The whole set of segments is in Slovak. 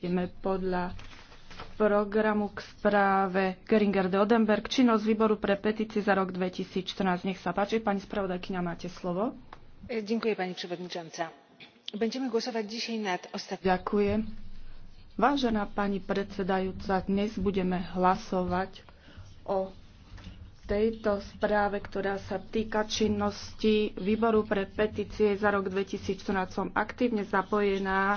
Ideme podľa programu k správe Geringer de Odenberg, činnosť výboru pre petície za rok 2014. Nech sa páči, pani spravodajkyňa, máte slovo. Ďakujem, pani przewodnicząca. Będziemy głosować dzisiaj nad ostatnim... Ďakujem. Vážená pani predsedajúca, dnes budeme hlasovať o tejto správe, ktorá sa týka činnosti Výboru pre petície za rok 2014. Som aktívne zapojená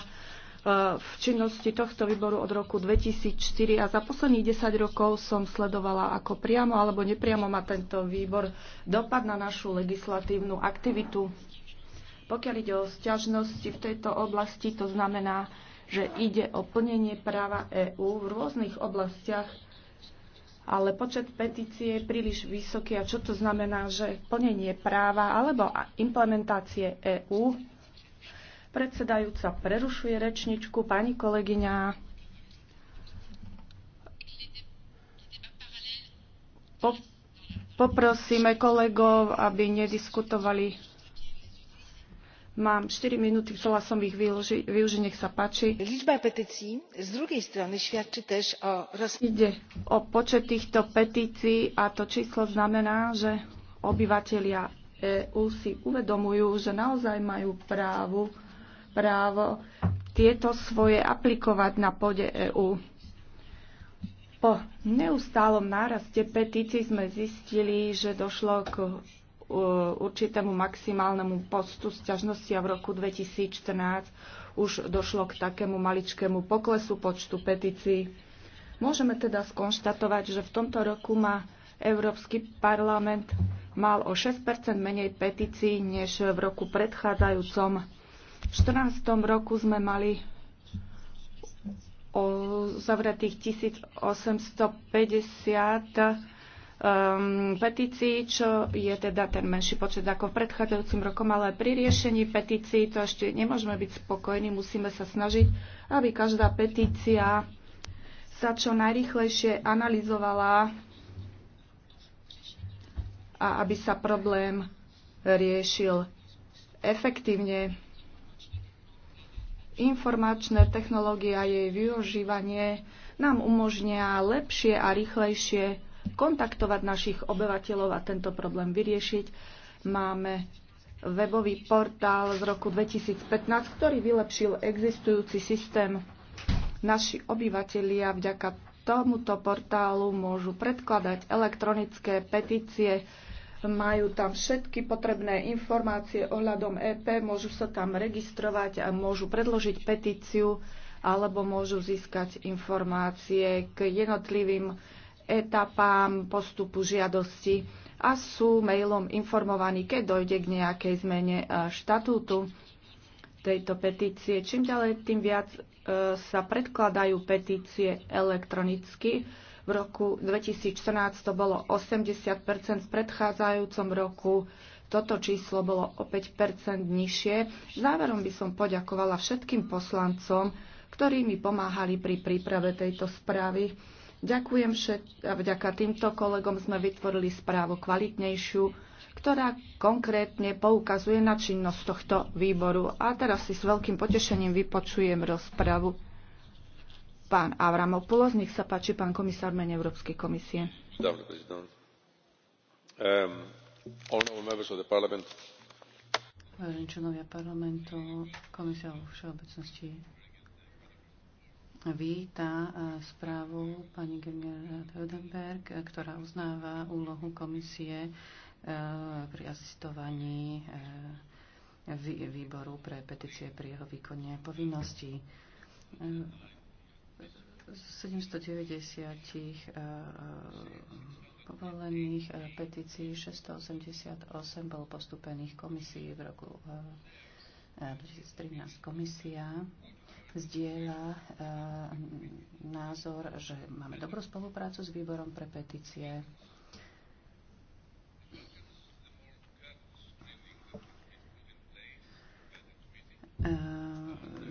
v činnosti tohto výboru od roku 2004 a za posledných 10 rokov som sledovala, ako priamo alebo nepriamo má tento výbor dopad na našu legislatívnu aktivitu. Pokiaľ ide o sťažnosti v tejto oblasti, to znamená, že ide o plnenie práva EÚ v rôznych oblastiach, ale počet petície je príliš vysoký. A čo to znamená, že plnenie práva alebo implementácie EÚ Predsedajúca prerušuje rečničku. Pani kolegyňa, poprosíme kolegov, aby nediskutovali. Mám 4 minúty, chcela som ich využiť, využi, nech sa páči. Liczba petícií z druhej strany świadczy tež o... Ide o počet týchto petícií a to číslo znamená, že obyvateľia EÚ si uvedomujú, že naozaj majú právo právo tieto svoje aplikovať na pôde EÚ. Po neustálom náraste petícií sme zistili, že došlo k uh, určitému maximálnemu postu sťažnosti a v roku 2014 už došlo k takému maličkému poklesu počtu petícií. Môžeme teda skonštatovať, že v tomto roku má Európsky parlament mal o 6 menej petícií než v roku predchádzajúcom. 14. roku sme mali o zavretých 1850 um, petícií, čo je teda ten menší počet ako v predchádzajúcim rokom, ale pri riešení petícií to ešte nemôžeme byť spokojní, musíme sa snažiť, aby každá petícia sa čo najrychlejšie analyzovala a aby sa problém riešil efektívne. Informačné technológie a jej využívanie nám umožnia lepšie a rýchlejšie kontaktovať našich obyvateľov a tento problém vyriešiť. Máme webový portál z roku 2015, ktorý vylepšil existujúci systém. Naši obyvatelia vďaka tomuto portálu môžu predkladať elektronické petície majú tam všetky potrebné informácie ohľadom EP, môžu sa tam registrovať a môžu predložiť petíciu alebo môžu získať informácie k jednotlivým etapám postupu žiadosti a sú mailom informovaní, keď dojde k nejakej zmene e, štatútu tejto petície. Čím ďalej, tým viac e, sa predkladajú petície elektronicky v roku 2014 to bolo 80 v predchádzajúcom roku toto číslo bolo o 5 nižšie. Záverom by som poďakovala všetkým poslancom, ktorí mi pomáhali pri príprave tejto správy. Ďakujem všet- a vďaka týmto kolegom sme vytvorili správu kvalitnejšiu, ktorá konkrétne poukazuje na činnosť tohto výboru. A teraz si s veľkým potešením vypočujem rozpravu pán Avramopoulos. Nech sa páči, pán komisár mene Európskej komisie. Vážení členovia parlamentu, komisia vo všeobecnosti víta eh, správu pani Gemiera Rodenberg, eh, ktorá uznáva úlohu komisie eh, pri asistovaní výboru pre petície pri jeho výkone povinností. 790 eh, eh, povolených eh, petícií, 688 bolo postupených komisii v roku 2013. Komisia zdieľa názor, že máme dobrú spoluprácu s výborom pre petície.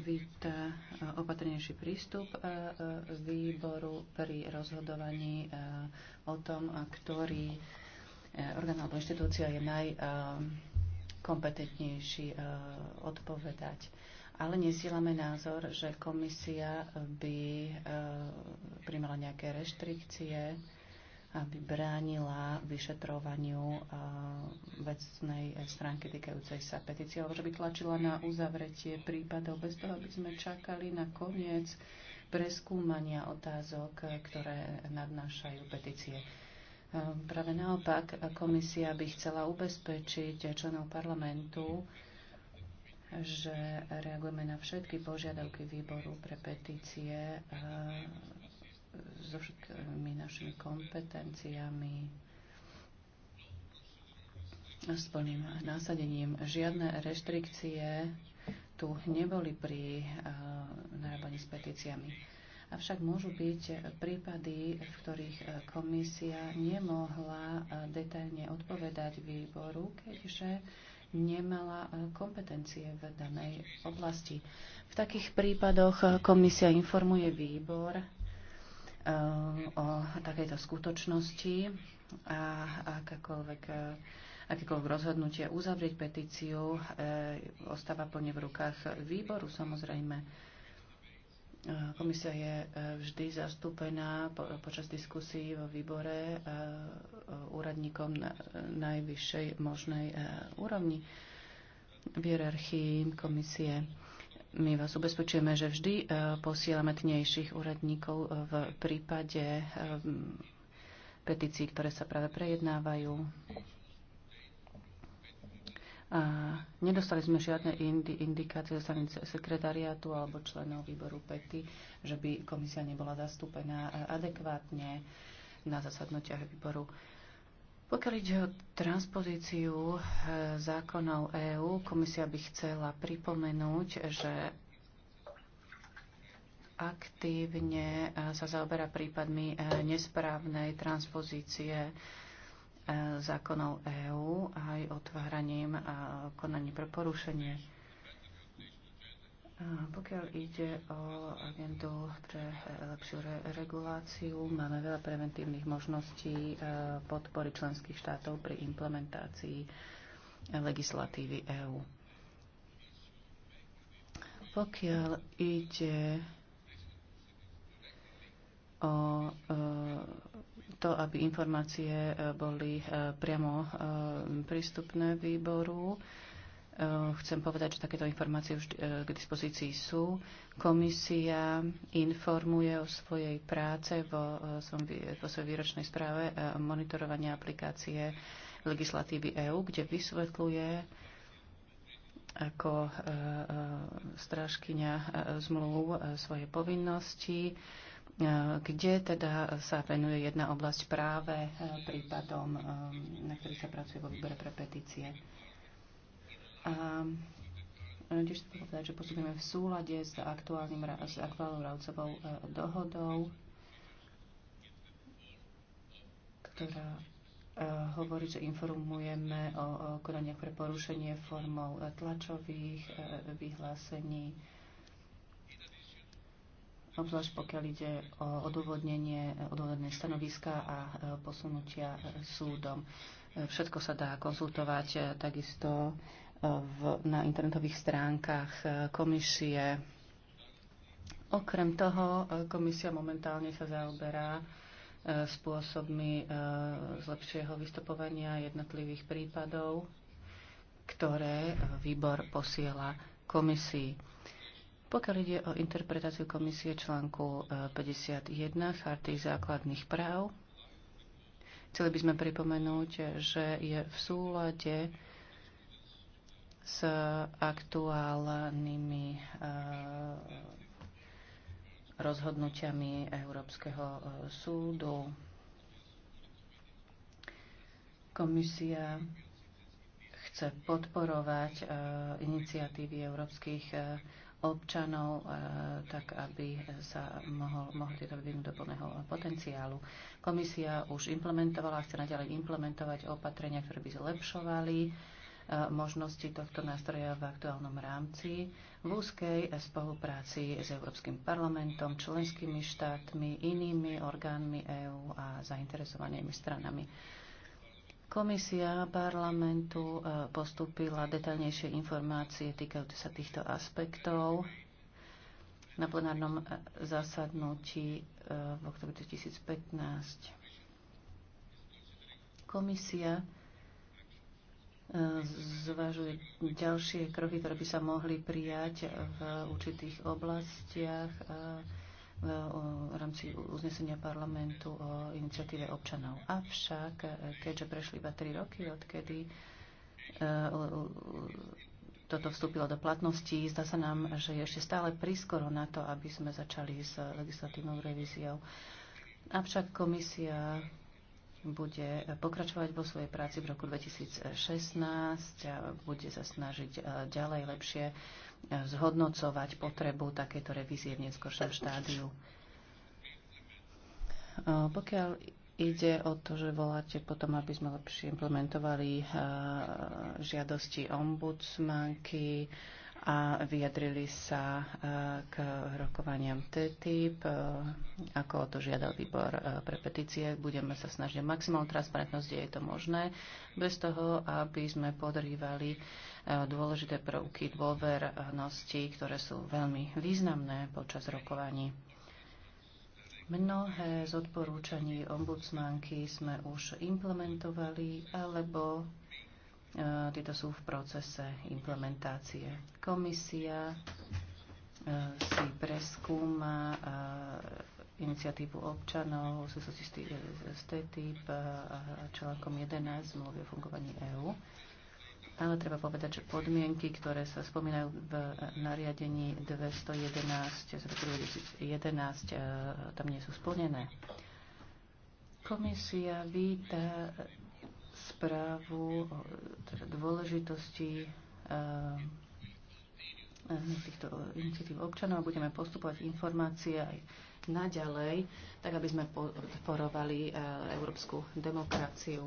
víta e, opatrnejší prístup e, e, výboru pri rozhodovaní o tom, ktorý orgán alebo inštitúcia je najkompetentnejší odpovedať. Ale nesielame názor, že komisia by primala nejaké reštrikcie aby bránila vyšetrovaniu vecnej stránky týkajúcej sa petície, alebo že by tlačila na uzavretie prípadov bez toho, aby sme čakali na koniec preskúmania otázok, ktoré nadnášajú petície. Práve naopak, komisia by chcela ubezpečiť členov parlamentu, že reagujeme na všetky požiadavky výboru pre petície so všetkými našimi kompetenciami, s plným násadením. Žiadne reštrikcie tu neboli pri eh, narábaní s petíciami. Avšak môžu byť prípady, v ktorých eh, komisia nemohla eh, detailne odpovedať výboru, keďže nemala kompetencie v danej oblasti. V takých prípadoch komisia informuje výbor Ehm, o takejto skutočnosti a akákoľvek eh, akékoľvek rozhodnutie uzavrieť petíciu e, ostáva plne v rukách výboru samozrejme. Eh, komisia je vždy zastúpená po, počas diskusí vo výbore úradníkom na najvyššej možnej úrovni v hierarchii komisie. My vás ubezpečujeme, že vždy e, posielame tnejších úradníkov e, v prípade e, petícií, ktoré sa práve prejednávajú. A nedostali sme žiadne indi- indikácie zo strany sekretariátu alebo členov výboru PETI, že by komisia nebola zastúpená adekvátne na zasadnutiach výboru. Pokiaľ ide o transpozíciu e, zákonov EÚ, komisia by chcela pripomenúť, že aktívne e, sa zaoberá prípadmi e, nesprávnej transpozície zákonov EÚ aj otváraním konaní pre porušenie pokiaľ ide o agendu pre lepšiu re- reguláciu, máme veľa preventívnych možností e, podpory členských štátov pri implementácii legislatívy EÚ. Pokiaľ ide o e, to, aby informácie e, boli priamo prístupné výboru, Eh, chcem povedať, že takéto informácie už eh, k dispozícii sú. Komisia informuje o svojej práce vo, eh, vo svojej výročnej správe monitorovania aplikácie legislatívy EÚ, kde vysvetľuje ako strážkynia zmluv svoje povinnosti, kde teda sa venuje jedna oblasť práve prípadom, na ktorých sa pracuje vo výbore pre petície. A e, tiež sa povedať, že postupujeme v súlade s, aktuálnym, s aktuálnou rámcovou e, dohodou, ktorá e, hovorí, že informujeme o konaniach pre porušenie formou tlačových vyhlásení, obzvlášť pokiaľ ide o odôvodnenie, odôvodnenie stanoviska a posunutia súdom. Všetko sa dá konzultovať takisto v, na internetových stránkach e, komisie. Okrem toho, e, komisia momentálne sa zaoberá e, spôsobmi zlepšieho vystupovania jednotlivých prípadov, ktoré výbor posiela komisii. Pokiaľ ide o interpretáciu komisie článku 51 Charty základných práv, chceli by sme pripomenúť, že je v súlade s aktuálnymi eh, rozhodnutiami Európskeho eh, súdu. Komisia chce podporovať eh, iniciatívy európskych občanov, tak aby sa mohol, mohli tieto vyvinúť do plného potenciálu. Komisia už implementovala, chce naďalej implementovať opatrenia, ktoré by zlepšovali E, možnosti tohto nástroja v aktuálnom rámci v úzkej spolupráci s Európskym parlamentom, členskými štátmi, inými orgánmi EÚ a zainteresovanými stranami. Komisia parlamentu e, postúpila detaľnejšie informácie týkajúce sa týchto aspektov na plenárnom e, zasadnutí v oktobri 2015. Komisia zvažuje ďalšie kroky, ktoré by sa mohli prijať v určitých oblastiach v rámci uznesenia parlamentu o iniciatíve občanov. Avšak, keďže prešli iba tri roky, odkedy e, toto vstúpilo do platnosti, zdá sa nám, že je ešte stále prískoro na to, aby sme začali s legislatívnou revíziou. Avšak komisia bude pokračovať vo svojej práci v roku 2016 a bude sa snažiť e, ďalej lepšie e, zhodnocovať potrebu takéto revízie v neskôršom štádiu. E, pokiaľ ide o to, že voláte potom, aby sme lepšie implementovali žiadosti ombudsmanky, a vyjadrili sa e, k rokovaniam TTIP, e, ako o to žiadal výbor e, pre petície. Budeme sa snažiť o maximálnu transparentnosť, kde je to možné, bez toho, aby sme podrývali dôležité prvky dôvernosti, ktoré sú veľmi významné počas rokovaní. Mnohé z odporúčaní ombudsmanky sme už implementovali alebo E, tieto sú v procese implementácie. Komisia e, si preskúma e, iniciatívu občanov v súvislosti s TTIP a článkom 11 zmluvy o fungovaní EÚ. Ale treba povedať, že podmienky, ktoré sa spomínajú v nariadení 211 z roku 2011, tam nie sú splnené. Komisia víta správu o teda dôležitosti eh, eh, týchto iniciatív občanov a budeme postupovať informácie aj naďalej, tak aby sme podporovali eh, európsku demokraciu.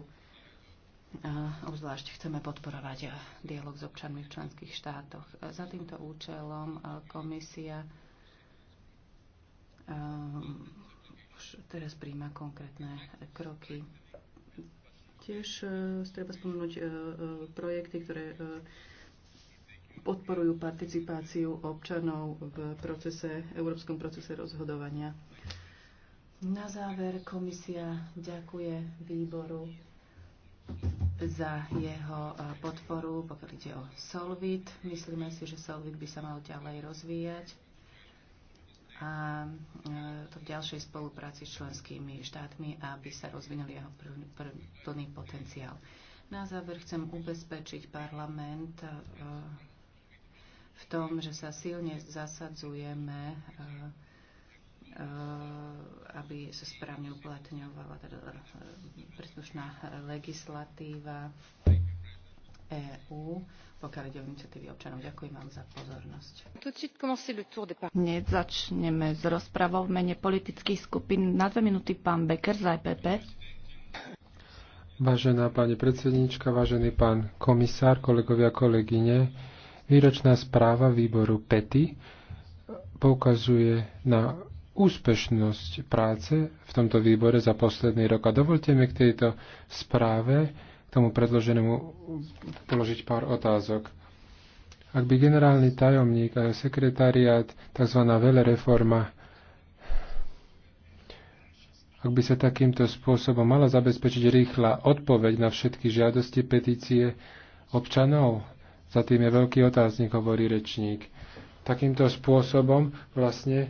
Obzvlášť chceme podporovať dialog s občanmi v členských štátoch. Za týmto účelom komisia už teraz príjma konkrétne kroky. Tiež e, treba spomenúť e, e, projekty, ktoré podporujú participáciu občanov v procese, európskom procese rozhodovania. Na záver komisia ďakuje výboru za jeho podporu, pokiaľ ide o Solvit. Myslíme si, že Solvit by sa mal ďalej rozvíjať a e, to v ďalšej spolupráci s členskými štátmi, aby sa rozvinul jeho plný potenciál. Na záver chcem ubezpečiť parlament e, v tom, že sa silne zasadzujeme, e, aby sa správne uplatňovala teda príslušná legislatíva. EÚ, pokiaľ ide o iniciatívy občanov. Ďakujem vám za pozornosť. Hneď začneme s rozpravou v mene politických skupín. Na dve minúty pán Becker za EPP. Vážená pani predsednička, vážený pán komisár, kolegovia, kolegyne, výročná správa výboru PETI poukazuje na úspešnosť práce v tomto výbore za posledný rok. A dovolte mi k tejto správe tomu predloženému položiť pár otázok. Ak by generálny tajomník a sekretariát, tzv. velereforma, ak by sa takýmto spôsobom mala zabezpečiť rýchla odpoveď na všetky žiadosti, petície občanov, za tým je veľký otáznik, hovorí rečník. Takýmto spôsobom vlastne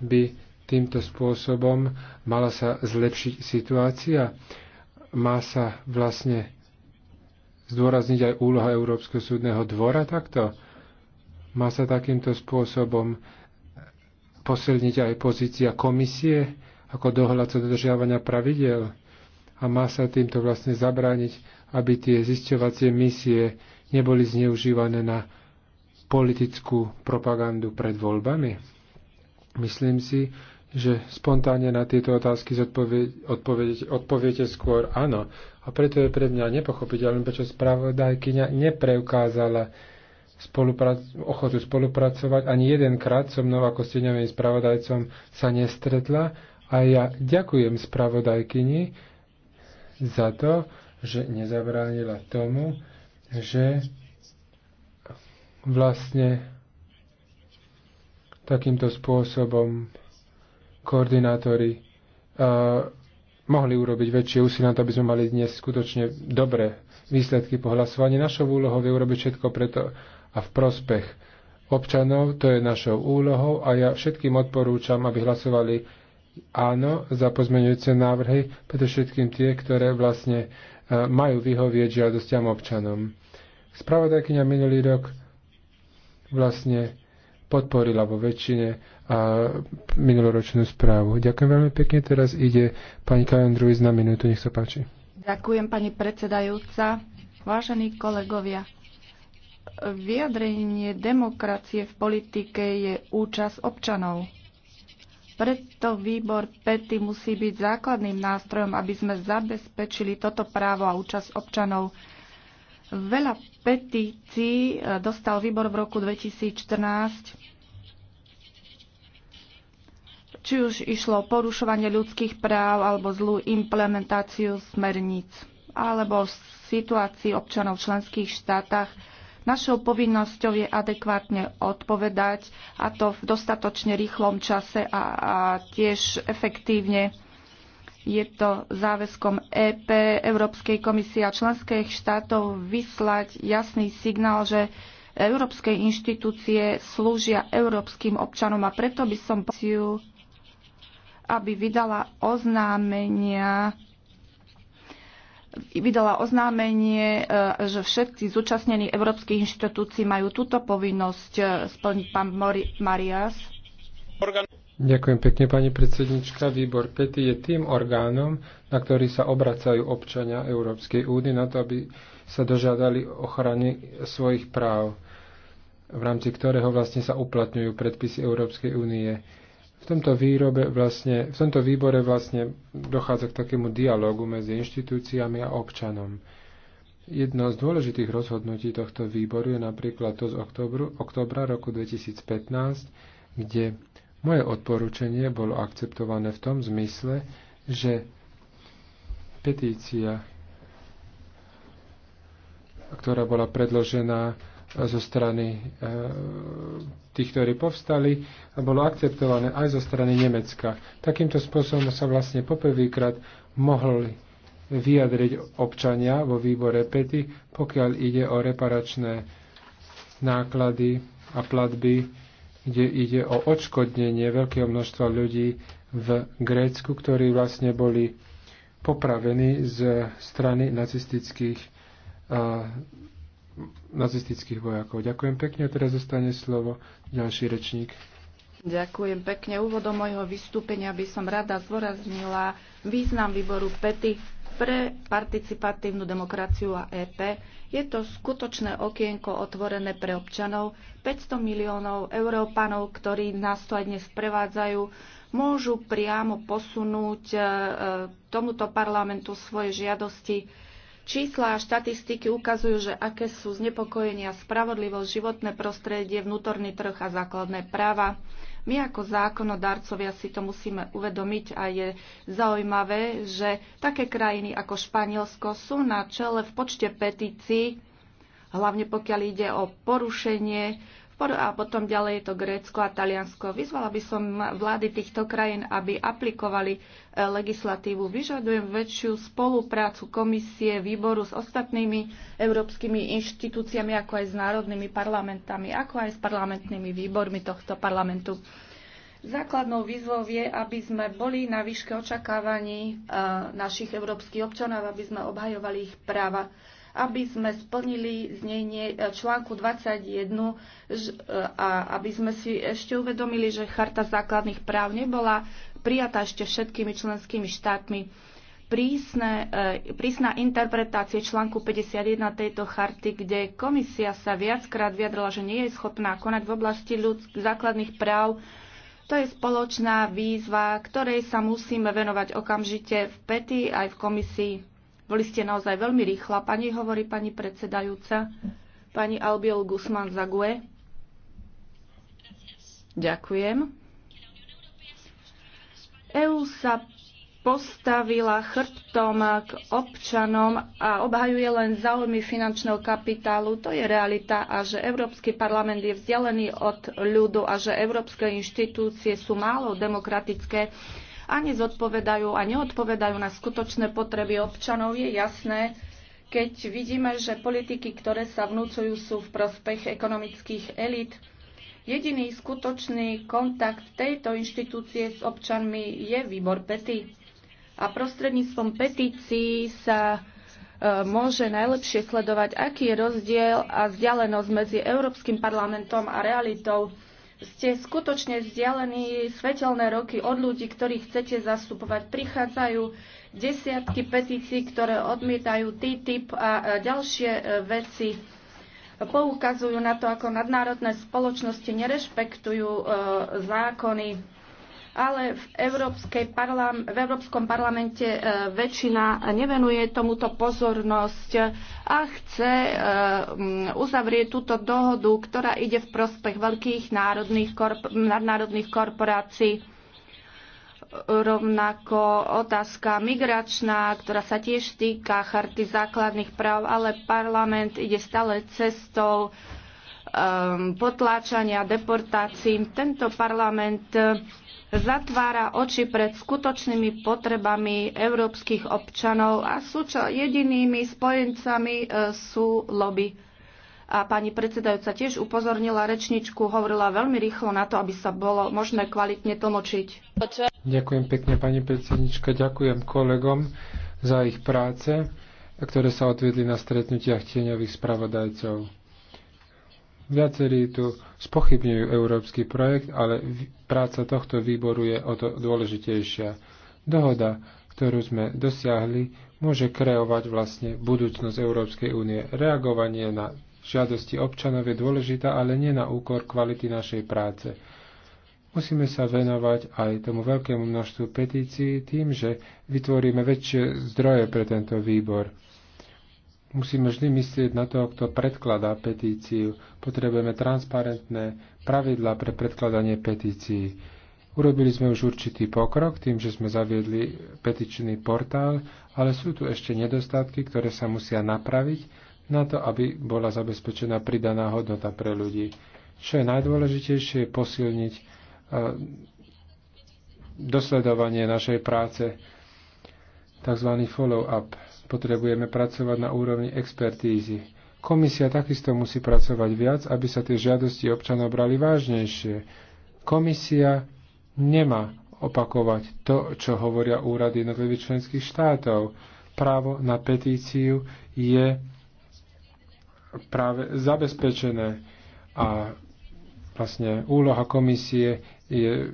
by týmto spôsobom mala sa zlepšiť situácia. Má sa vlastne zdôrazniť aj úloha Európskeho súdneho dvora takto? Má sa takýmto spôsobom posilniť aj pozícia komisie ako dohľad sa dodržiavania pravidel? A má sa týmto vlastne zabrániť, aby tie zisťovacie misie neboli zneužívané na politickú propagandu pred voľbami? Myslím si, že spontánne na tieto otázky odpovie, odpoviete, odpoviete skôr áno. A preto je pre mňa nepochopiteľné, prečo spravodajkyňa nepreukázala spoluprac- ochotu spolupracovať. Ani jedenkrát so mnou ako steňovým spravodajcom sa nestretla. A ja ďakujem spravodajkyni za to, že nezabránila tomu, že vlastne takýmto spôsobom koordinátori uh, mohli urobiť väčšie úsilie na to, aby sme mali dnes skutočne dobré výsledky po hlasovaní. Našou úlohou je urobiť všetko preto a v prospech občanov, to je našou úlohou a ja všetkým odporúčam, aby hlasovali áno za pozmeňujúce návrhy, preto všetkým tie, ktoré vlastne majú vyhovieť žiadostiam občanom. Spravodajkynia minulý rok vlastne podporila vo väčšine minuloročnú správu. Ďakujem veľmi pekne. Teraz ide pani Kalendruiz na minútu. Nech sa páči. Ďakujem, pani predsedajúca. Vážení kolegovia, vyjadrenie demokracie v politike je účasť občanov. Preto výbor PETI musí byť základným nástrojom, aby sme zabezpečili toto právo a účasť občanov. Veľa petícií dostal výbor v roku 2014 či už išlo o porušovanie ľudských práv alebo zlú implementáciu smerníc alebo situácii občanov v členských štátach, našou povinnosťou je adekvátne odpovedať a to v dostatočne rýchlom čase a, a tiež efektívne. Je to záväzkom EP, Európskej komisie a členských štátov vyslať jasný signál, že európske inštitúcie slúžia európskym občanom a preto by som aby vydala oznámenia vydala oznámenie, e, že všetci zúčastnení európskych inštitúcií majú túto povinnosť e, splniť pán Mori- Marias. Ďakujem pekne, pani predsednička. Výbor PETI je tým orgánom, na ktorý sa obracajú občania Európskej únie na to, aby sa dožiadali ochrany svojich práv, v rámci ktorého vlastne sa uplatňujú predpisy Európskej únie v tomto, výrobe vlastne, v tomto výbore vlastne dochádza k takému dialogu medzi inštitúciami a občanom. Jedno z dôležitých rozhodnutí tohto výboru je napríklad to z oktobru, oktobra roku 2015, kde moje odporúčanie bolo akceptované v tom zmysle, že petícia, ktorá bola predložená zo strany e, tých, ktorí povstali a bolo akceptované aj zo strany Nemecka. Takýmto spôsobom sa vlastne poprvýkrát mohli vyjadriť občania vo výbore PETI, pokiaľ ide o reparačné náklady a platby, kde ide o odškodnenie veľkého množstva ľudí v Grécku, ktorí vlastne boli popravení z strany nacistických uh, nazistických vojakov. Ďakujem pekne a teraz zostane slovo ďalší rečník. Ďakujem pekne. Úvodom mojho vystúpenia by som rada zvoraznila význam výboru PETI pre participatívnu demokraciu a EP. Je to skutočné okienko otvorené pre občanov. 500 miliónov Európanov, ktorí nás to aj dnes prevádzajú, môžu priamo posunúť e, tomuto parlamentu svoje žiadosti Čísla a štatistiky ukazujú, že aké sú znepokojenia spravodlivosť, životné prostredie, vnútorný trh a základné práva. My ako zákonodarcovia si to musíme uvedomiť a je zaujímavé, že také krajiny ako Španielsko sú na čele v počte petícií, hlavne pokiaľ ide o porušenie a potom ďalej je to Grécko a Taliansko. Vyzvala by som vlády týchto krajín, aby aplikovali e, legislatívu. Vyžadujem väčšiu spoluprácu komisie, výboru s ostatnými európskymi inštitúciami, ako aj s národnými parlamentami, ako aj s parlamentnými výbormi tohto parlamentu. Základnou výzvou je, aby sme boli na výške očakávaní e, našich európskych občanov, aby sme obhajovali ich práva aby sme splnili znenie článku 21 a aby sme si ešte uvedomili, že Charta základných práv nebola prijatá ešte všetkými členskými štátmi. Prísne, e, prísna interpretácia článku 51 tejto charty, kde komisia sa viackrát vyjadrila, že nie je schopná konať v oblasti ľudsk- základných práv, to je spoločná výzva, ktorej sa musíme venovať okamžite v PETI aj v komisii. Boli ste naozaj veľmi rýchla. Pani hovorí pani predsedajúca, pani Albiol Guzman Zague. Ďakujem. EÚ sa postavila chrbtom k občanom a obhajuje len záujmy finančného kapitálu. To je realita a že Európsky parlament je vzdialený od ľudu a že európske inštitúcie sú málo demokratické ani zodpovedajú a neodpovedajú na skutočné potreby občanov, je jasné, keď vidíme, že politiky, ktoré sa vnúcujú, sú v prospech ekonomických elít. Jediný skutočný kontakt tejto inštitúcie s občanmi je výbor pety. A prostredníctvom petícií sa e, môže najlepšie sledovať, aký je rozdiel a vzdialenosť medzi Európskym parlamentom a realitou ste skutočne vzdialení svetelné roky od ľudí, ktorých chcete zastupovať. Prichádzajú desiatky petícií, ktoré odmietajú TTIP a ďalšie e, veci. Poukazujú na to, ako nadnárodné spoločnosti nerešpektujú e, zákony ale v, parlam- v Európskom parlamente e, väčšina nevenuje tomuto pozornosť a chce e, uzavrieť túto dohodu, ktorá ide v prospech veľkých národných korp- nadnárodných korporácií. Rovnako otázka migračná, ktorá sa tiež týka charty základných práv, ale parlament ide stále cestou um, potláčania, deportácií. Tento parlament zatvára oči pred skutočnými potrebami európskych občanov a čo jedinými spojencami e, sú lobby. A pani predsedajúca tiež upozornila rečničku, hovorila veľmi rýchlo na to, aby sa bolo možné kvalitne tlmočiť. Ďakujem pekne, pani predsednička, ďakujem kolegom za ich práce, ktoré sa odvedli na stretnutiach tieňových spravodajcov. Viacerí tu spochybňujú európsky projekt, ale práca tohto výboru je o to dôležitejšia. Dohoda, ktorú sme dosiahli, môže kreovať vlastne budúcnosť Európskej únie. Reagovanie na žiadosti občanov je dôležitá, ale nie na úkor kvality našej práce. Musíme sa venovať aj tomu veľkému množstvu petícií tým, že vytvoríme väčšie zdroje pre tento výbor. Musíme vždy myslieť na toho, kto predkladá petíciu. Potrebujeme transparentné pravidlá pre predkladanie petícií. Urobili sme už určitý pokrok tým, že sme zaviedli petičný portál, ale sú tu ešte nedostatky, ktoré sa musia napraviť na to, aby bola zabezpečená pridaná hodnota pre ľudí. Čo je najdôležitejšie, je posilniť e, dosledovanie našej práce, tzv. follow-up. Potrebujeme pracovať na úrovni expertízy. Komisia takisto musí pracovať viac, aby sa tie žiadosti občanov brali vážnejšie. Komisia nemá opakovať to, čo hovoria úrady jednotlivých členských štátov. Právo na petíciu je práve zabezpečené a vlastne úloha komisie je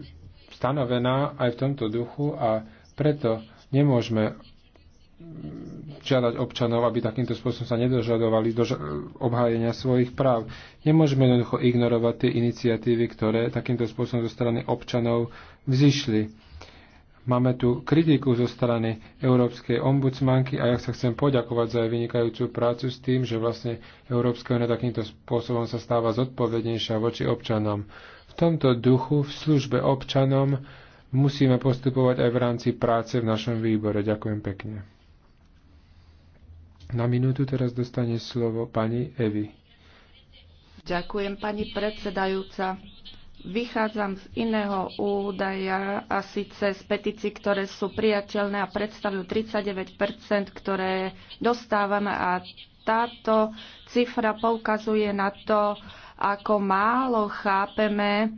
stanovená aj v tomto duchu a preto nemôžeme žiadať občanov, aby takýmto spôsobom sa nedožadovali do obhájenia svojich práv. Nemôžeme jednoducho ignorovať tie iniciatívy, ktoré takýmto spôsobom zo strany občanov vzýšli. Máme tu kritiku zo strany Európskej ombudsmanky a ja sa chcem poďakovať za jej vynikajúcu prácu s tým, že vlastne Európska únia takýmto spôsobom sa stáva zodpovednejšia voči občanom. V tomto duchu, v službe občanom, musíme postupovať aj v rámci práce v našom výbore. Ďakujem pekne. Na minútu teraz dostane slovo pani Evi. Ďakujem, pani predsedajúca. Vychádzam z iného údaja a síce z petícií, ktoré sú priateľné a predstavujú 39 ktoré dostávame a táto cifra poukazuje na to, ako málo chápeme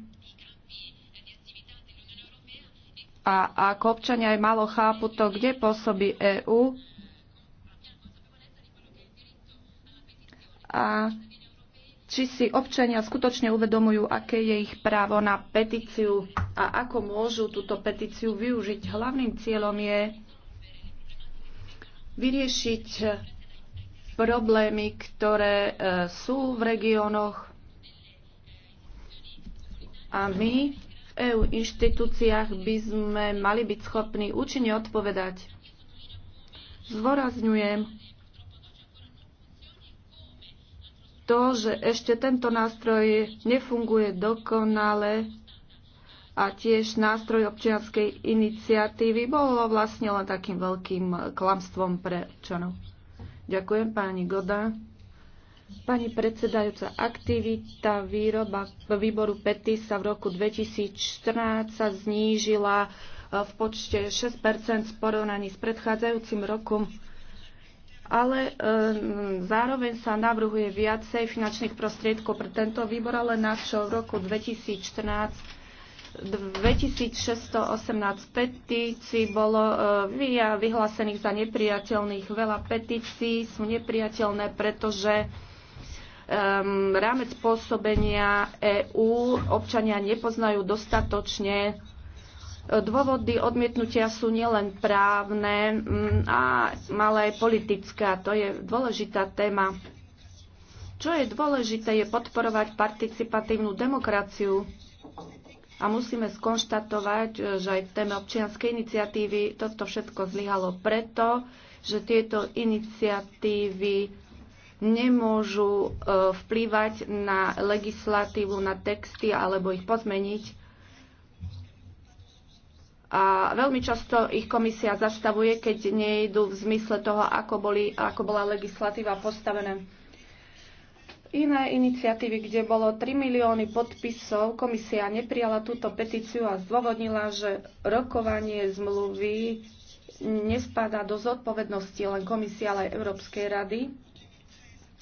a ako občania aj málo chápu to, kde pôsobí EÚ a či si občania skutočne uvedomujú, aké je ich právo na petíciu a ako môžu túto petíciu využiť. Hlavným cieľom je vyriešiť problémy, ktoré e, sú v regiónoch a my v EU inštitúciách by sme mali byť schopní účinne odpovedať. Zvorazňujem, to, že ešte tento nástroj nefunguje dokonale a tiež nástroj občianskej iniciatívy bolo vlastne len takým veľkým klamstvom pre občanov. Ďakujem pani Goda. Pani predsedajúca, aktivita výroba výboru PETI sa v roku 2014 sa znížila eh, v počte 6 v porovnaní s predchádzajúcim rokom ale ehm, zároveň sa navrhuje viacej finančných prostriedkov pre tento výbor, ale na čo v roku 2014 2618 petícií bolo ehm, vyhlásených za nepriateľných. Veľa petícií sú nepriateľné, pretože um, rámec pôsobenia EÚ občania nepoznajú dostatočne Dôvody odmietnutia sú nielen právne, mm, ale aj politické. A to je dôležitá téma. Čo je dôležité, je podporovať participatívnu demokraciu. A musíme skonštatovať, e, že aj v téme občianskej iniciatívy toto všetko zlyhalo preto, že tieto iniciatívy nemôžu e, vplývať na legislatívu, na texty alebo ich pozmeniť a veľmi často ich komisia zastavuje, keď nejdu v zmysle toho, ako, boli, ako bola legislatíva postavená. Iné iniciatívy, kde bolo 3 milióny podpisov, komisia neprijala túto petíciu a zdôvodnila, že rokovanie zmluvy nespadá do zodpovednosti len komisia, ale aj Európskej rady.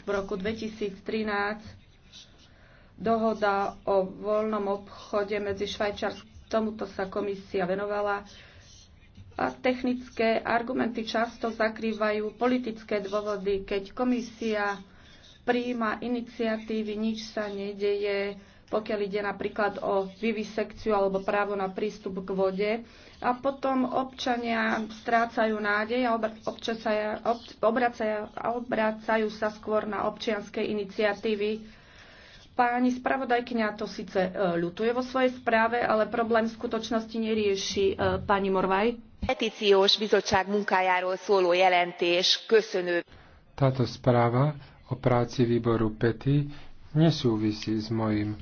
V roku 2013 dohoda o voľnom obchode medzi Švajčarskou Tomuto sa komisia venovala. A technické argumenty často zakrývajú politické dôvody. Keď komisia príjima iniciatívy, nič sa nedeje, pokiaľ ide napríklad o vivisekciu alebo právo na prístup k vode. A potom občania strácajú nádej a obracajú, obracajú, obracajú sa skôr na občianské iniciatívy Pani spravodajkyňa to síce e, ľutuje vo svojej správe, ale problém v skutočnosti nerieši e, pani Morvaj. Petíciós bizottság munkájáról szóló jelentés köszönő. Táto správa o práci výboru PETI nesúvisí s, mojim,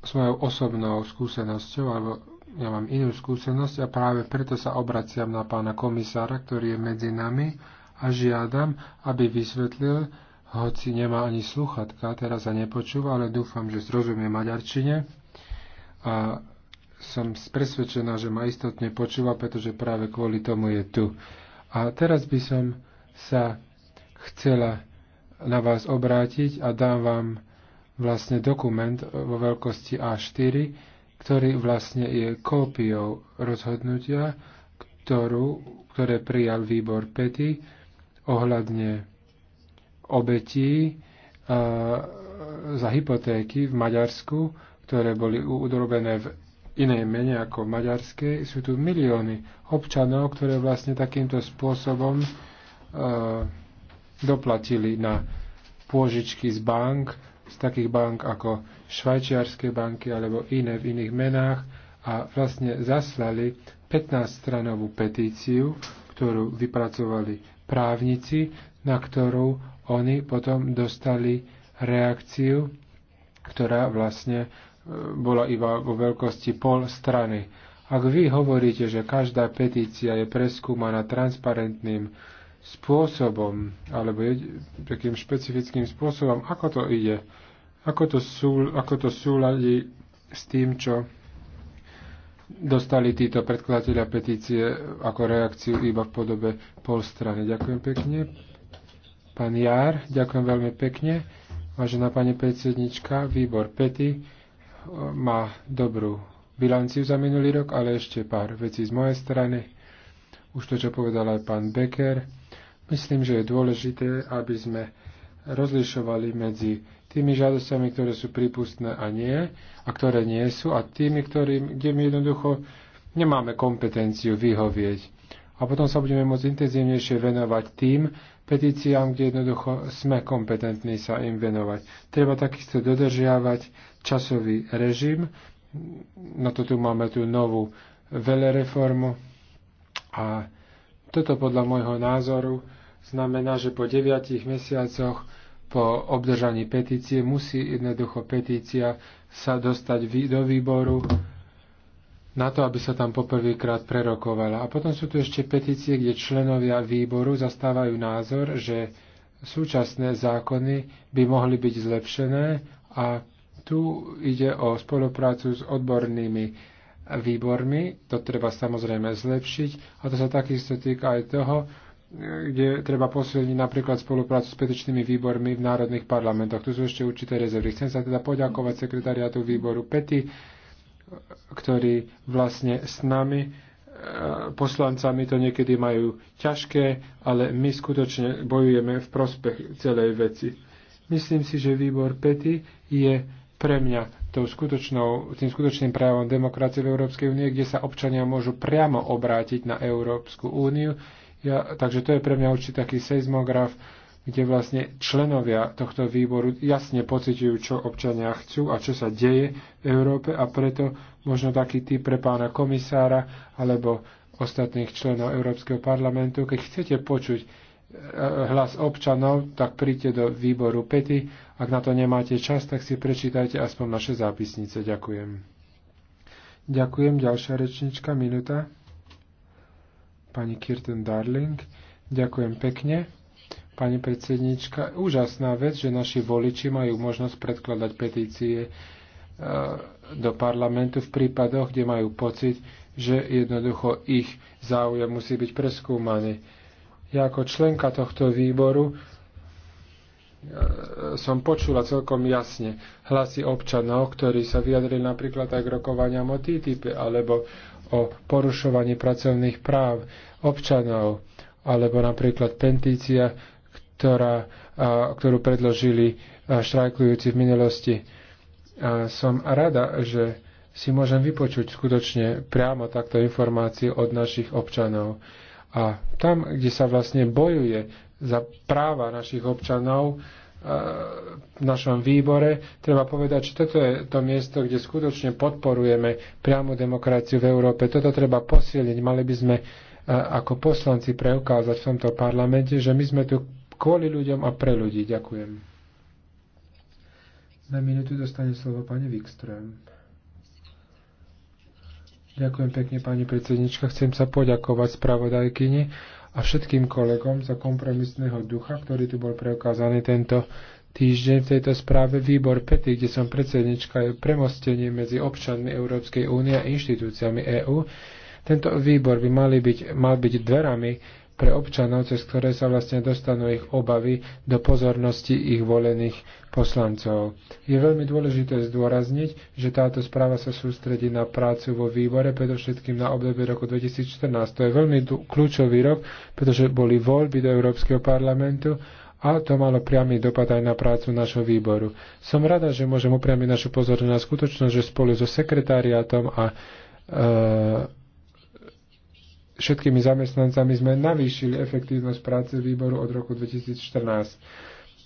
s mojou osobnou skúsenosťou, alebo ja mám inú skúsenosť a práve preto sa obraciam na pána komisára, ktorý je medzi nami a žiadam, aby vysvetlil, hoci nemá ani sluchatka, teraz sa nepočúva, ale dúfam, že zrozumie maďarčine. A som presvedčená, že ma istotne počúva, pretože práve kvôli tomu je tu. A teraz by som sa chcela na vás obrátiť a dám vám vlastne dokument vo veľkosti A4, ktorý vlastne je kópiou rozhodnutia, ktorú, ktoré prijal výbor Pety ohľadne obetí e, za hypotéky v Maďarsku, ktoré boli urobené v inej mene ako v maďarskej. Sú tu milióny občanov, ktoré vlastne takýmto spôsobom e, doplatili na pôžičky z bank, z takých bank ako švajčiarske banky alebo iné v iných menách a vlastne zaslali 15-stranovú petíciu, ktorú vypracovali právnici, na ktorú oni potom dostali reakciu, ktorá vlastne e, bola iba vo veľkosti pol strany. Ak vy hovoríte, že každá petícia je preskúmaná transparentným spôsobom, alebo takým špecifickým spôsobom, ako to ide, ako to, sú, ako to súladí s tým, čo dostali títo predkladateľa petície ako reakciu iba v podobe polstrany. Ďakujem pekne. Pán Jár, ďakujem veľmi pekne. Vážená pani predsednička, výbor Pety eh, má dobrú bilanciu za minulý rok, ale ešte pár vecí z mojej strany. Už to, čo povedal aj pán Becker, myslím, že je dôležité, aby sme rozlišovali medzi tými žiadosťami, ktoré sú prípustné a nie, a ktoré nie sú, a tými, ktorým, kde my jednoducho nemáme kompetenciu vyhovieť. A potom sa budeme môcť intenzívnejšie venovať tým, petíciám, kde jednoducho sme kompetentní sa im venovať. Treba takisto dodržiavať časový režim, na to tu máme tú novú velereformu a toto podľa môjho názoru znamená, že po deviatich mesiacoch po obdržaní petície musí jednoducho petícia sa dostať do výboru na to, aby sa tam poprvýkrát prerokovala. A potom sú tu ešte petície, kde členovia výboru zastávajú názor, že súčasné zákony by mohli byť zlepšené a tu ide o spoluprácu s odbornými výbormi, to treba samozrejme zlepšiť a to sa takisto týka aj toho, kde treba posilniť napríklad spoluprácu s petičnými výbormi v národných parlamentoch. Tu sú ešte určité rezervy. Chcem sa teda poďakovať sekretariátu výboru PETI, ktorí vlastne s nami, e, poslancami, to niekedy majú ťažké, ale my skutočne bojujeme v prospech celej veci. Myslím si, že výbor Pety je pre mňa tou skutočnou, tým skutočným právom demokracie v Európskej únie, kde sa občania môžu priamo obrátiť na Európsku úniu. Ja, takže to je pre mňa určitý taký seismograf, kde vlastne členovia tohto výboru jasne pociťujú, čo občania chcú a čo sa deje v Európe a preto možno taký typ pre pána komisára alebo ostatných členov Európskeho parlamentu, keď chcete počuť e, hlas občanov, tak príďte do výboru PETI. Ak na to nemáte čas, tak si prečítajte aspoň naše zápisnice. Ďakujem. Ďakujem. Ďalšia rečnička, minúta. Pani Kirten Darling. Ďakujem pekne pani predsednička. Úžasná vec, že naši voliči majú možnosť predkladať petície e, do parlamentu v prípadoch, kde majú pocit, že jednoducho ich záujem musí byť preskúmaný. Ja ako členka tohto výboru e, som počula celkom jasne hlasy občanov, ktorí sa vyjadrili napríklad aj k rokovaniam o TTIP alebo o porušovaní pracovných práv občanov alebo napríklad pentícia ktorá, ktorú predložili štrajkujúci v minulosti. A som rada, že si môžem vypočuť skutočne priamo takto informácie od našich občanov. A tam, kde sa vlastne bojuje za práva našich občanov, v našom výbore. Treba povedať, že toto je to miesto, kde skutočne podporujeme priamu demokraciu v Európe. Toto treba posilniť. Mali by sme ako poslanci preukázať v tomto parlamente, že my sme tu kvôli ľuďom a pre ľudí. Ďakujem. Na minútu dostane slovo pani Wikström. Ďakujem pekne, pani predsednička. Chcem sa poďakovať spravodajkyni a všetkým kolegom za kompromisného ducha, ktorý tu bol preukázaný tento týždeň v tejto správe. Výbor pety, kde som predsednička, je premostenie medzi občanmi Európskej únie a inštitúciami EÚ. Tento výbor by mal byť, mal byť dverami pre občanov, cez ktoré sa vlastne dostanú ich obavy do pozornosti ich volených poslancov. Je veľmi dôležité zdôrazniť, že táto správa sa sústredí na prácu vo výbore, predovšetkým na obdobie roku 2014. To je veľmi kľúčový rok, pretože boli voľby do Európskeho parlamentu a to malo priamy dopad aj na prácu našho výboru. Som rada, že môžem upriamiť našu pozornosť na skutočnosť, že spolu so sekretariátom a e, všetkými zamestnancami sme navýšili efektívnosť práce výboru od roku 2014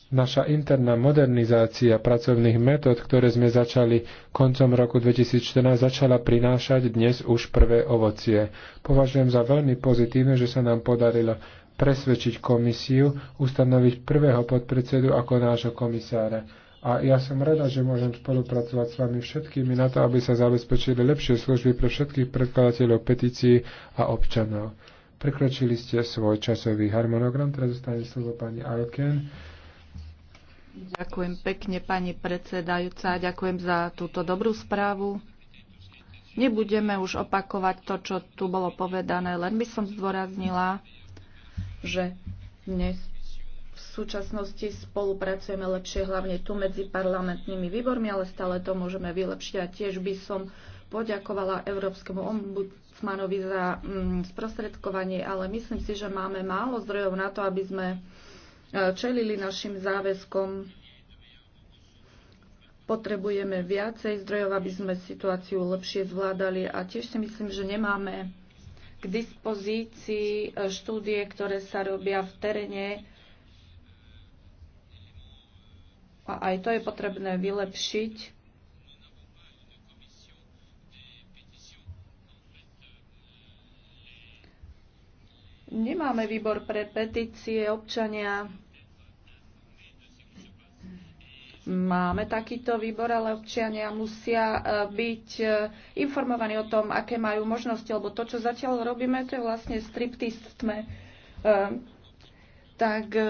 naša interná modernizácia pracovných metód, ktoré sme začali koncom roku 2014, začala prinášať dnes už prvé ovocie. Považujem za veľmi pozitívne, že sa nám podarilo presvedčiť komisiu, ustanoviť prvého podpredsedu ako nášho komisára. A ja som rada, že môžem spolupracovať s vami všetkými na to, aby sa zabezpečili lepšie služby pre všetkých predkladateľov petícií a občanov. Prekročili ste svoj časový harmonogram, teraz zostane slovo pani Alken. Ďakujem pekne, pani predsedajúca, ďakujem za túto dobrú správu. Nebudeme už opakovať to, čo tu bolo povedané, len by som zdôraznila, že dnes v súčasnosti spolupracujeme lepšie hlavne tu medzi parlamentnými výbormi, ale stále to môžeme vylepšiť a tiež by som poďakovala Európskemu ombudsmanovi za mm, sprostredkovanie, ale myslím si, že máme málo zdrojov na to, aby sme e, čelili našim záväzkom. Potrebujeme viacej zdrojov, aby sme situáciu lepšie zvládali a tiež si myslím, že nemáme k dispozícii e, štúdie, ktoré sa robia v teréne A aj to je potrebné vylepšiť. Nemáme výbor pre petície občania. Máme takýto výbor, ale občania musia e, byť e, informovaní o tom, aké majú možnosti, lebo to, čo zatiaľ robíme, to je vlastne striptist. E, tak, e,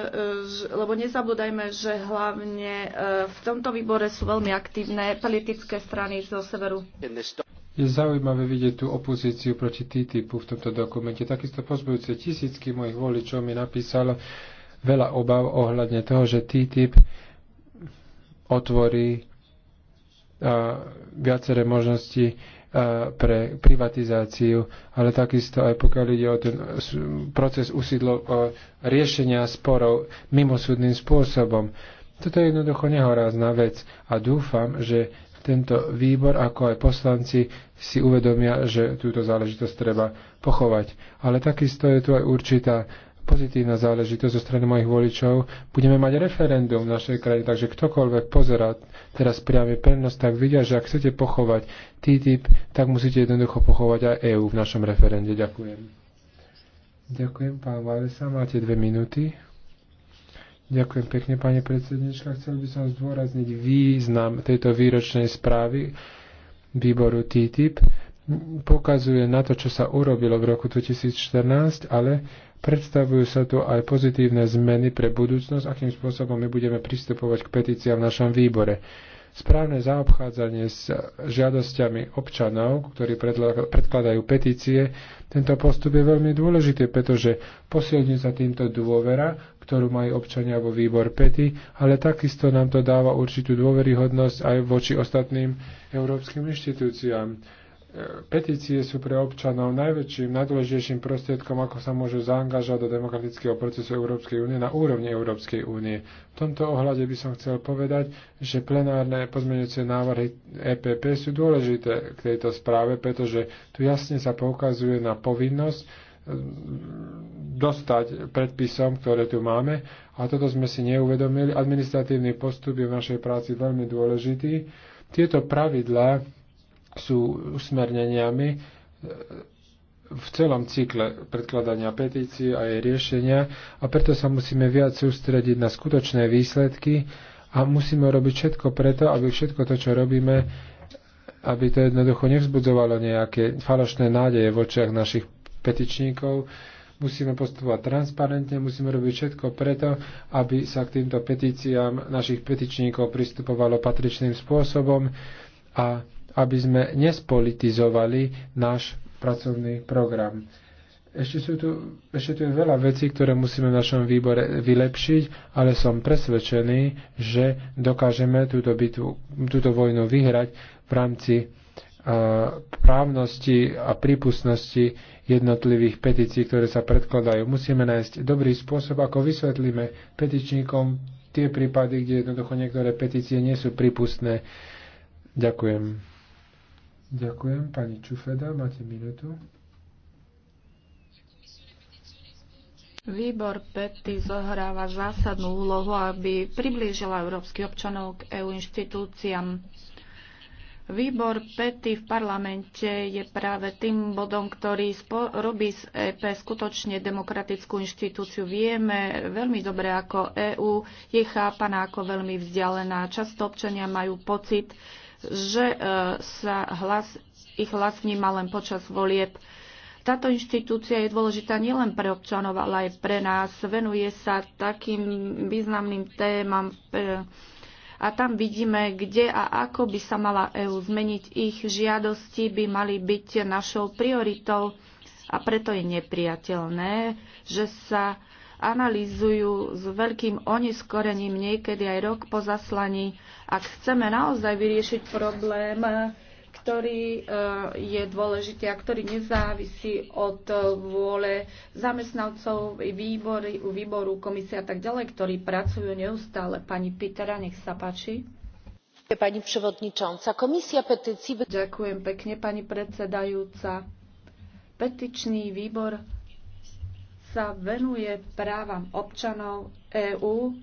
lebo nezabúdajme, že hlavne e, v tomto výbore sú veľmi aktívne politické strany zo severu. Je zaujímavé vidieť tú opozíciu proti TTIPu v tomto dokumente. Takisto pozbudujúce tisícky mojich voličov mi napísalo veľa obav ohľadne toho, že TTIP otvorí viaceré možnosti pre privatizáciu, ale takisto aj pokiaľ ide o ten proces usídlo, riešenia sporov mimosúdnym spôsobom. Toto je jednoducho nehorázna vec a dúfam, že tento výbor, ako aj poslanci si uvedomia, že túto záležitosť treba pochovať. Ale takisto je tu aj určitá pozitívna záležitosť zo strany mojich voličov. Budeme mať referendum v našej krajine, takže ktokoľvek pozerá teraz priame prenos, tak vidia, že ak chcete pochovať TTIP, tak musíte jednoducho pochovať aj EÚ v našom referende. Ďakujem. Ďakujem, pán Valesa. Máte dve minúty. Ďakujem pekne, pani predsednička. Chcel by som zdôrazniť význam tejto výročnej správy výboru TTIP pokazuje na to, čo sa urobilo v roku 2014, ale predstavujú sa tu aj pozitívne zmeny pre budúcnosť, akým spôsobom my budeme pristupovať k petíciám v našom výbore. Správne zaobchádzanie s žiadosťami občanov, ktorí predkladajú petície, tento postup je veľmi dôležitý, pretože posilní sa týmto dôvera, ktorú majú občania vo výbor pety, ale takisto nám to dáva určitú dôveryhodnosť aj voči ostatným európskym inštitúciám Petície sú pre občanov najväčším, najdôležitejším prostriedkom, ako sa môžu zaangažovať do demokratického procesu Európskej únie na úrovni Európskej únie. V tomto ohľade by som chcel povedať, že plenárne pozmeňujúce návrhy EPP sú dôležité k tejto správe, pretože tu jasne sa poukazuje na povinnosť mm, dostať predpisom, ktoré tu máme. A toto sme si neuvedomili. Administratívny postup je v našej práci veľmi dôležitý. Tieto pravidlá sú usmerneniami e, v celom cykle predkladania petícií a jej riešenia a preto sa musíme viac sústrediť na skutočné výsledky a musíme robiť všetko preto, aby všetko to, čo robíme, aby to jednoducho nevzbudzovalo nejaké falošné nádeje v očiach našich petičníkov. Musíme postupovať transparentne, musíme robiť všetko preto, aby sa k týmto petíciám našich petičníkov pristupovalo patričným spôsobom a aby sme nespolitizovali náš pracovný program. Ešte, sú tu, ešte tu je veľa vecí, ktoré musíme v našom výbore vylepšiť, ale som presvedčený, že dokážeme túto, bitvu, túto vojnu vyhrať v rámci uh, právnosti a prípustnosti jednotlivých petícií, ktoré sa predkladajú. Musíme nájsť dobrý spôsob, ako vysvetlíme petičníkom tie prípady, kde jednoducho niektoré petície nie sú prípustné. Ďakujem. Ďakujem. Pani Čufeda, máte minútu. Výbor PETI zohráva zásadnú úlohu, aby priblížila európskych občanov k EU inštitúciám. Výbor PETI v parlamente je práve tým bodom, ktorý robí z EP skutočne demokratickú inštitúciu. Vieme veľmi dobre, ako EU, je chápaná ako veľmi vzdialená. Často občania majú pocit, že e, sa hlas, ich hlas vníma len počas volieb. Táto inštitúcia je dôležitá nielen pre občanov, ale aj pre nás. Venuje sa takým významným témam e, a tam vidíme, kde a ako by sa mala EÚ zmeniť. Ich žiadosti by mali byť našou prioritou a preto je nepriateľné, že sa analýzujú s veľkým oneskorením niekedy aj rok po zaslaní. Ak chceme naozaj vyriešiť problém, ktorý eh, je dôležitý a ktorý nezávisí od eh, vôle zamestnancov výbory, výboru, komisie a tak ďalej, ktorí pracujú neustále. Pani Pitera, nech sa páči. Pani przewodnicząca, komisia petícií... Ďakujem pekne, pani predsedajúca. Petičný výbor sa venuje právam občanov EÚ,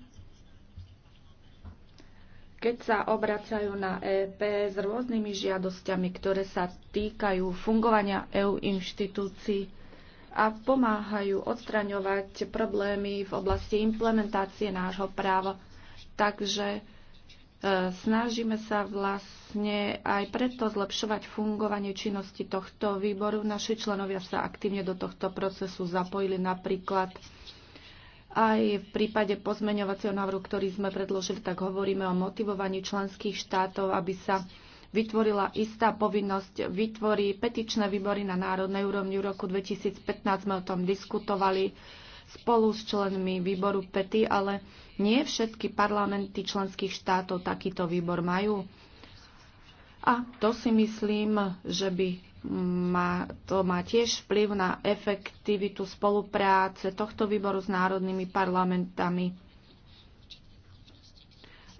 keď sa obracajú na EP s rôznymi žiadosťami, ktoré sa týkajú fungovania EÚ inštitúcií a pomáhajú odstraňovať problémy v oblasti implementácie nášho práva. Takže E, snažíme sa vlastne aj preto zlepšovať fungovanie činnosti tohto výboru. Naši členovia sa aktívne do tohto procesu zapojili napríklad aj v prípade pozmeňovacieho návrhu, ktorý sme predložili, tak hovoríme o motivovaní členských štátov, aby sa vytvorila istá povinnosť, vytvorí petičné výbory na národnej úrovni. V roku 2015 sme o tom diskutovali spolu s členmi výboru PETI, ale nie všetky parlamenty členských štátov takýto výbor majú. A to si myslím, že by má, to má tiež vplyv na efektivitu spolupráce tohto výboru s národnými parlamentami.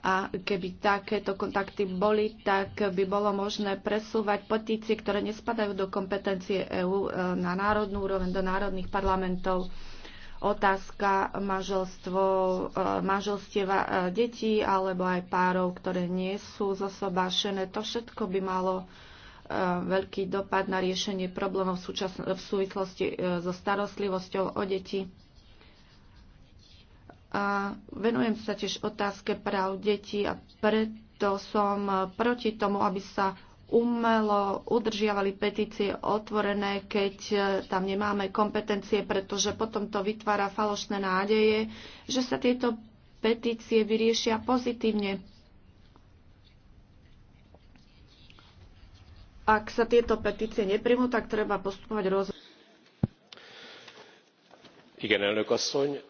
A keby takéto kontakty boli, tak by bolo možné presúvať petície, ktoré nespadajú do kompetencie EÚ e, na národnú úroveň, do národných parlamentov otázka manželstvo, e, manželstieva e, detí alebo aj párov, ktoré nie sú zosobášené. To všetko by malo e, veľký dopad na riešenie problémov v, súvislosti so starostlivosťou o deti. A venujem sa tiež otázke práv detí a preto som proti tomu, aby sa umelo udržiavali petície otvorené, keď e, tam nemáme kompetencie, pretože potom to vytvára falošné nádeje, že sa tieto petície vyriešia pozitívne. Ak sa tieto petície neprimú, tak treba postupovať rozhodne. Igen, elnök asszony,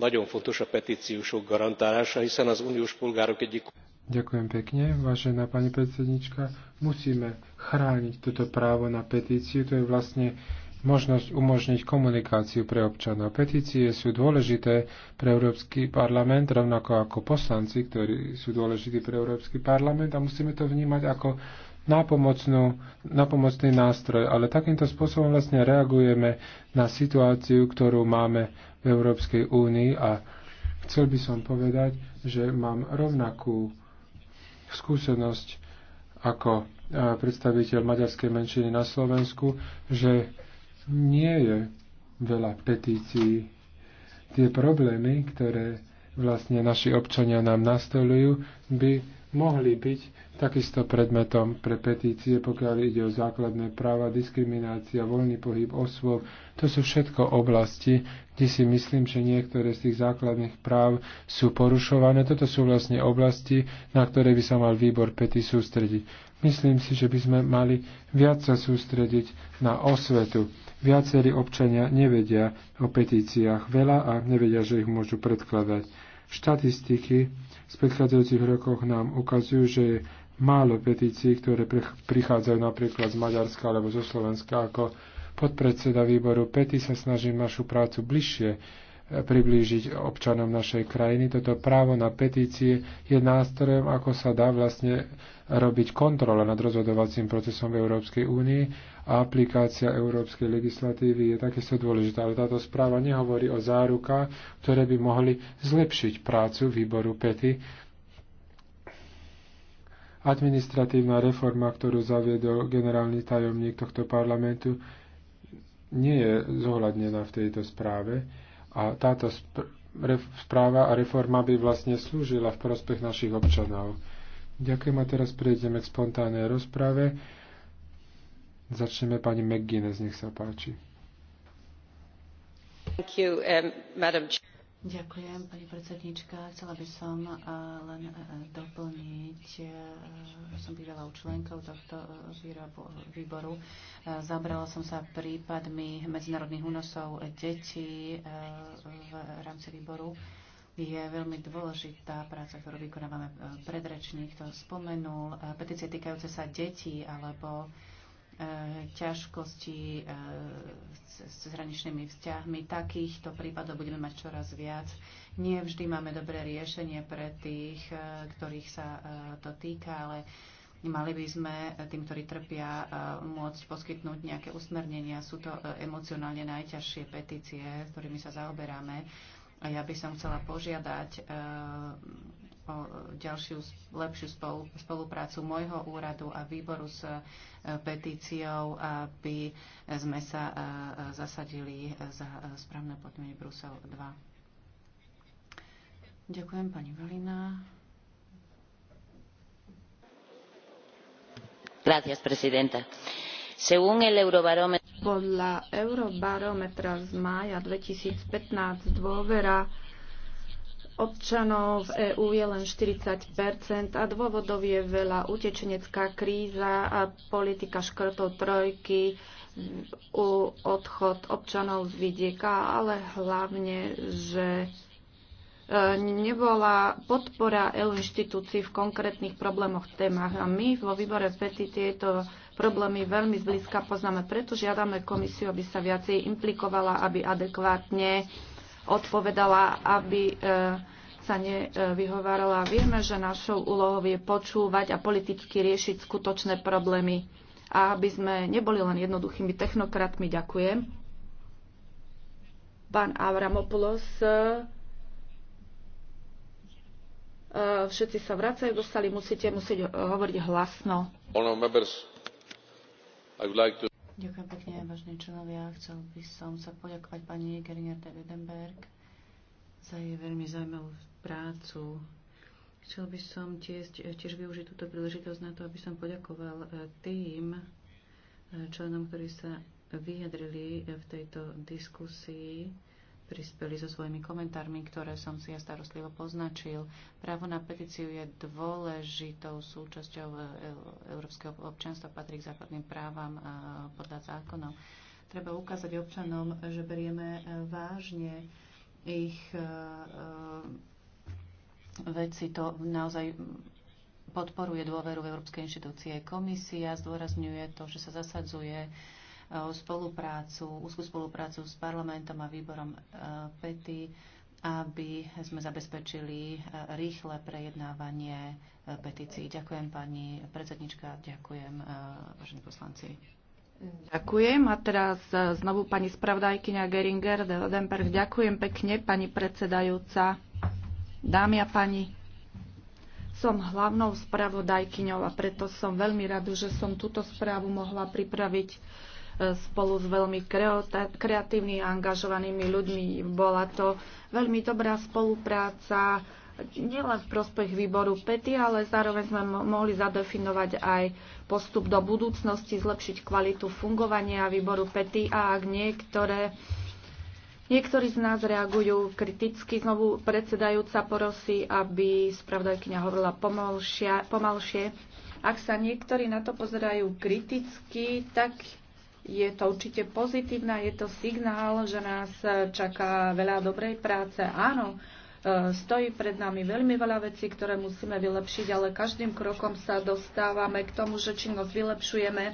nagyon fontos a petíciusok garantálása, hiszen az uniós polgárok egyik... Ďakujem pekne, vážená pani predsednička. Musíme chrániť toto právo na petíciu. To je vlastne možnosť umožniť komunikáciu pre občanov. Petície sú dôležité pre Európsky parlament, rovnako ako poslanci, ktorí sú dôležití pre Európsky parlament a musíme to vnímať ako napomocný nástroj. Ale takýmto spôsobom vlastne reagujeme na situáciu, ktorú máme v Európskej únii a chcel by som povedať, že mám rovnakú skúsenosť ako e, predstaviteľ maďarskej menšiny na Slovensku, že nie je veľa petícií. Tie problémy, ktoré vlastne naši občania nám nastolujú, by mohli byť takisto predmetom pre petície, pokiaľ ide o základné práva, diskriminácia, voľný pohyb osôb. To sú všetko oblasti, kde si myslím, že niektoré z tých základných práv sú porušované. Toto sú vlastne oblasti, na ktoré by sa mal výbor pety sústrediť. Myslím si, že by sme mali viac sa sústrediť na osvetu. Viacerí občania nevedia o petíciách veľa a nevedia, že ich môžu predkladať. Štatistiky z predchádzajúcich rokoch nám ukazujú, že je málo petícií, ktoré prichádzajú napríklad z Maďarska alebo zo Slovenska. Ako podpredseda výboru PETI sa snažím našu prácu bližšie e, priblížiť občanom našej krajiny. Toto právo na petície je nástrojom, ako sa dá vlastne robiť kontrola nad rozhodovacím procesom v Európskej únii a aplikácia európskej legislatívy je takisto dôležitá. Ale táto správa nehovorí o zárukách, ktoré by mohli zlepšiť prácu výboru PETI. Administratívna reforma, ktorú zaviedol generálny tajomník tohto parlamentu, nie je zohľadnená v tejto správe a táto správa a reforma by vlastne slúžila v prospech našich občanov. Ďakujem a teraz prejdeme k spontánnej rozprave. Začneme pani McGuinness, nech sa páči. You, um, Ďakujem, pani predsednička. Chcela by som uh, len uh, uh doplniť, uh, som bývala u členkov tohto uh, uh, výboru. Zabrala som sa prípadmi medzinárodných únosov detí v rámci výboru je veľmi dôležitá práca, ktorú vykonávame e, predrečník, to spomenul. E, petície týkajúce sa detí alebo e, ťažkosti s hraničnými vzťahmi. Takýchto prípadov budeme mať čoraz viac. Nie vždy máme dobré riešenie pre tých, ktorých sa to týka, ale mali by sme tým, ktorí trpia, môcť poskytnúť nejaké usmernenia. Sú to emocionálne najťažšie petície, s ktorými sa zaoberáme a Ja by som chcela požiadať eh, o ďalšiu lepšiu spoluprácu môjho úradu a výboru s eh, petíciou, aby sme sa eh, zasadili za správne podmienky Brusel 2. Ďakujem pani Valina. Gracias, presidenta. Según el eurobarómetro. Podľa Eurobarometra z mája 2015 dôvera občanov v EÚ je len 40 a dôvodov je veľa. Utečenecká kríza a politika škrtov trojky, u odchod občanov z vidieka, ale hlavne, že e, nebola podpora EU inštitúcií v konkrétnych problémoch, témach. A my vo výbore PETI tieto problémy veľmi zblízka poznáme. Preto žiadame komisiu, aby sa viacej implikovala, aby adekvátne odpovedala, aby e, sa nevyhovárala. Vieme, že našou úlohou je počúvať a politicky riešiť skutočné problémy. A aby sme neboli len jednoduchými technokratmi, ďakujem. Pán Avramopoulos, e, e, všetci sa vracajú do sály, musíte musieť hovoriť hlasno. Ďakujem pekne, vážení členovia. Chcel by som sa poďakovať pani Geringer de Wedenberg za jej veľmi zaujímavú prácu. Chcel by som tiež, eh, tiež využiť túto príležitosť na to, aby som poďakoval eh, tým eh, členom, ktorí sa vyjadrili v tejto diskusii prispeli so svojimi komentármi, ktoré som si ja starostlivo poznačil. Právo na petíciu je dôležitou súčasťou e, európskeho občanstva, patrí k základným právam e, podľa zákonov. Treba ukázať občanom, že berieme e, vážne ich veci. To naozaj podporuje dôveru v európske inštitúcie. Komisia zdôrazňuje to, že sa zasadzuje spoluprácu, úzkú spoluprácu s parlamentom a výborom e, PETI, aby sme zabezpečili e, rýchle prejednávanie e, petícií. Ďakujem pani predsednička, ďakujem vážení poslanci. Ďakujem. A teraz znovu pani spravdajkyňa Geringer de Rodenberg. Ďakujem pekne, pani predsedajúca. Dámy a pani, som hlavnou spravodajkyňou a preto som veľmi rada, že som túto správu mohla pripraviť spolu s veľmi kreatívnymi a angažovanými ľuďmi. Bola to veľmi dobrá spolupráca, nielen v prospech výboru PETI, ale zároveň sme mohli zadefinovať aj postup do budúcnosti, zlepšiť kvalitu fungovania výboru PETI a ak niektoré Niektorí z nás reagujú kriticky. Znovu predsedajúca porosí, aby spravodajkyňa hovorila pomalšie. Ak sa niektorí na to pozerajú kriticky, tak je to určite pozitívna, je to signál, že nás čaká veľa dobrej práce. Áno, e, stojí pred nami veľmi veľa vecí, ktoré musíme vylepšiť, ale každým krokom sa dostávame k tomu, že činnosť vylepšujeme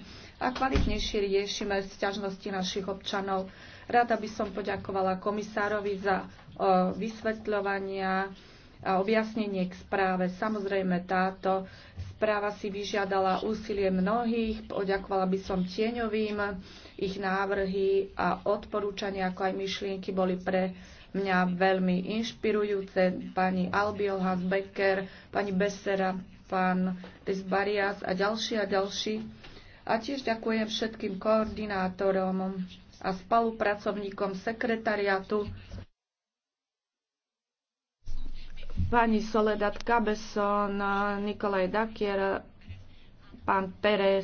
a kvalitnejšie riešime sťažnosti našich občanov. Rada by som poďakovala komisárovi za e, vysvetľovania a objasnenie k správe. Samozrejme, táto správa si vyžiadala úsilie mnohých. Poďakovala by som tieňovým. Ich návrhy a odporúčania, ako aj myšlienky, boli pre mňa veľmi inšpirujúce. Pani Albiol, Hans Becker, pani Besera, pán Desbarias a ďalší a ďalší. A tiež ďakujem všetkým koordinátorom a spolupracovníkom sekretariatu Pani Soledad Cabeson, Nikolaj Dakier, pán Pérez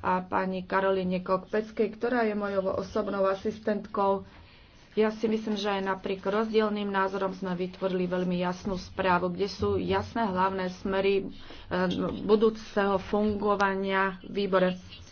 a pani Karolíne Kokpeckej, ktorá je mojou osobnou asistentkou. Ja si myslím, že aj napriek rozdielným názorom sme vytvorili veľmi jasnú správu, kde sú jasné hlavné smery eh, budúceho fungovania výbore.